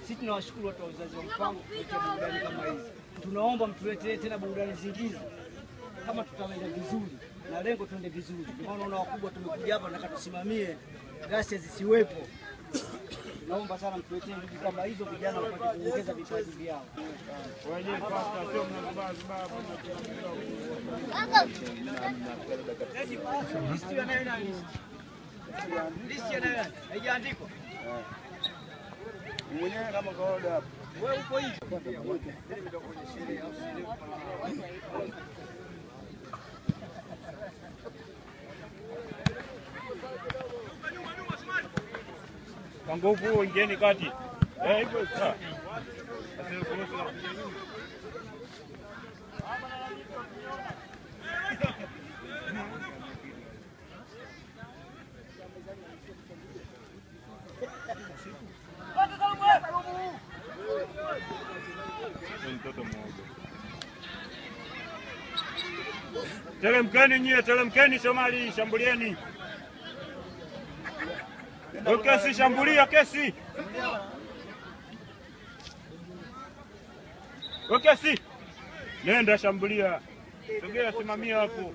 Sisi tunawashukuru watu wa uzazi wa mpango kutuletea burudani kama hizi. Tunaomba mtuletee tena burudani zingine kama tutaenda vizuri na lengo tuende vizuri. Kwa maana wakubwa tumekuja hapa, nataka tusimamie ghasia zisiwepo. Naomba sana mtuletee vitu kama hizo, vijana wapate kuongeza vipaji vyao. Yaani, haijaandikwa mwenyewe kama kawaida hapo. Wewe uko hivi. Kwa nguvu ingieni kati. Eh, hivyo sasa. telemkeni nyie, telemkeni Somali, shambulieni. Kesi, shambulia kesi. Kesi. Nenda shambulia. Sogea, simamia hapo.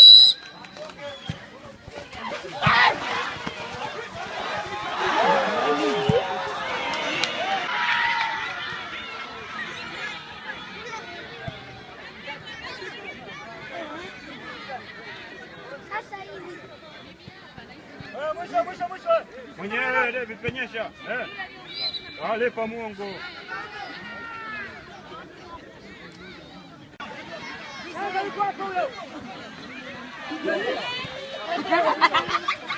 Вийшов, вийшов, вийшов! Мені відпиняйся! Али помогу! Я